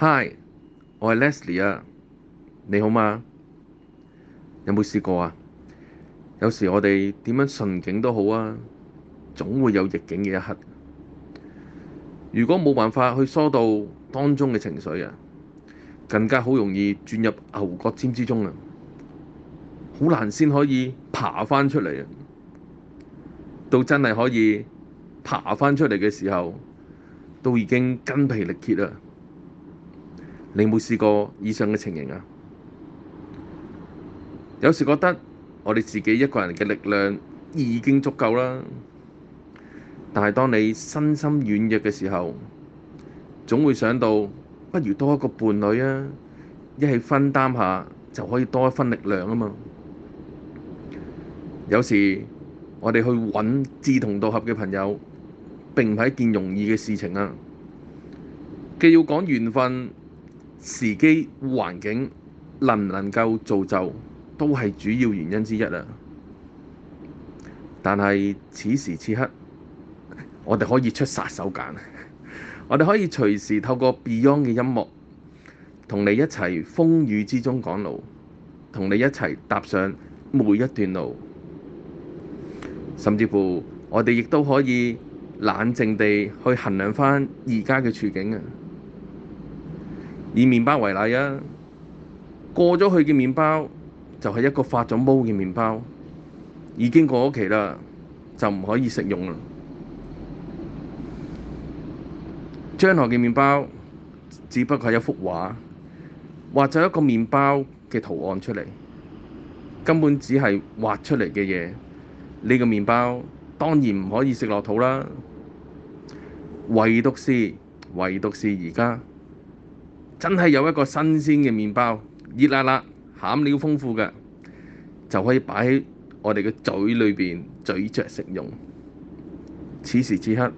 Hi，我係 Leslie 啊。你好嗎？有冇試過啊？有時我哋點樣順境都好啊，總會有逆境嘅一刻。如果冇辦法去疏導當中嘅情緒啊，更加好容易轉入牛角尖之中啊，好難先可以爬翻出嚟啊。到真係可以爬翻出嚟嘅時候，都已經筋疲力竭啊。你有冇試過以上嘅情形啊？有時覺得我哋自己一個人嘅力量已經足夠啦，但係當你身心軟弱嘅時候，總會想到不如多一個伴侶啊，一起分擔下就可以多一分力量啊嘛。有時我哋去揾志同道合嘅朋友並唔係一件容易嘅事情啊，既要講緣分。時機環境能唔能夠造就，都係主要原因之一啦、啊。但係此時此刻，我哋可以出殺手鐧， 我哋可以隨時透過 Beyond 嘅音樂，同你一齊風雨之中趕路，同你一齊踏上每一段路，甚至乎我哋亦都可以冷靜地去衡量返而家嘅處境啊！以麵包為例啊，過咗去嘅麵包就係、是、一個發咗毛嘅麵包，已經過咗期啦，就唔可以食用啦。將來嘅麵包，只不過係一幅畫，畫咗一個麵包嘅圖案出嚟，根本只係畫出嚟嘅嘢。呢、這個麵包當然唔可以食落肚啦，唯獨是唯獨是而家。真係有一個新鮮嘅麵包，熱辣辣、餡料豐富嘅，就可以擺喺我哋嘅嘴裏面咀嚼食用。此時此刻，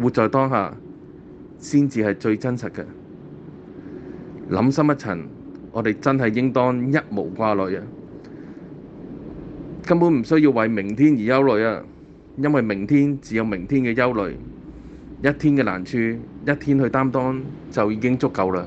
活在當下，先至係最真實嘅。諗深一層，我哋真係應當一無掛慮啊！根本唔需要為明天而憂慮啊，因為明天只有明天嘅憂慮，一天嘅難處，一天去擔當就已經足夠啦。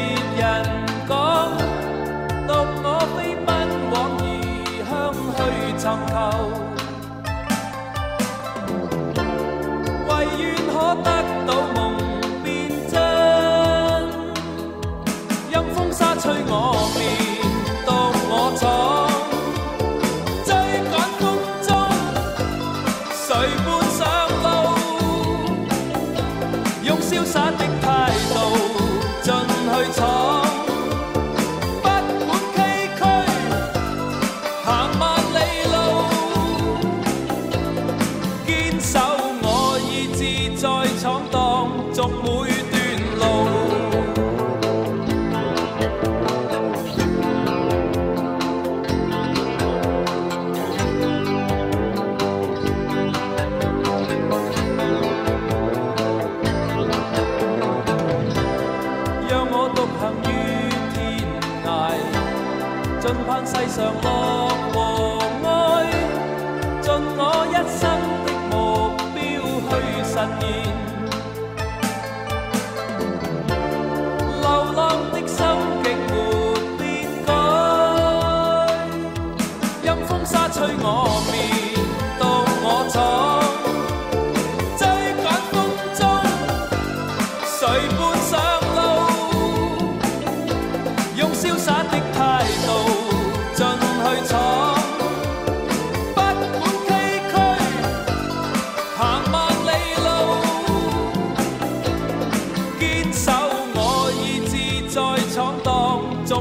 世上樂和哀，盡我一生的目標去實現。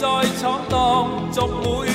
再闖蕩。總會。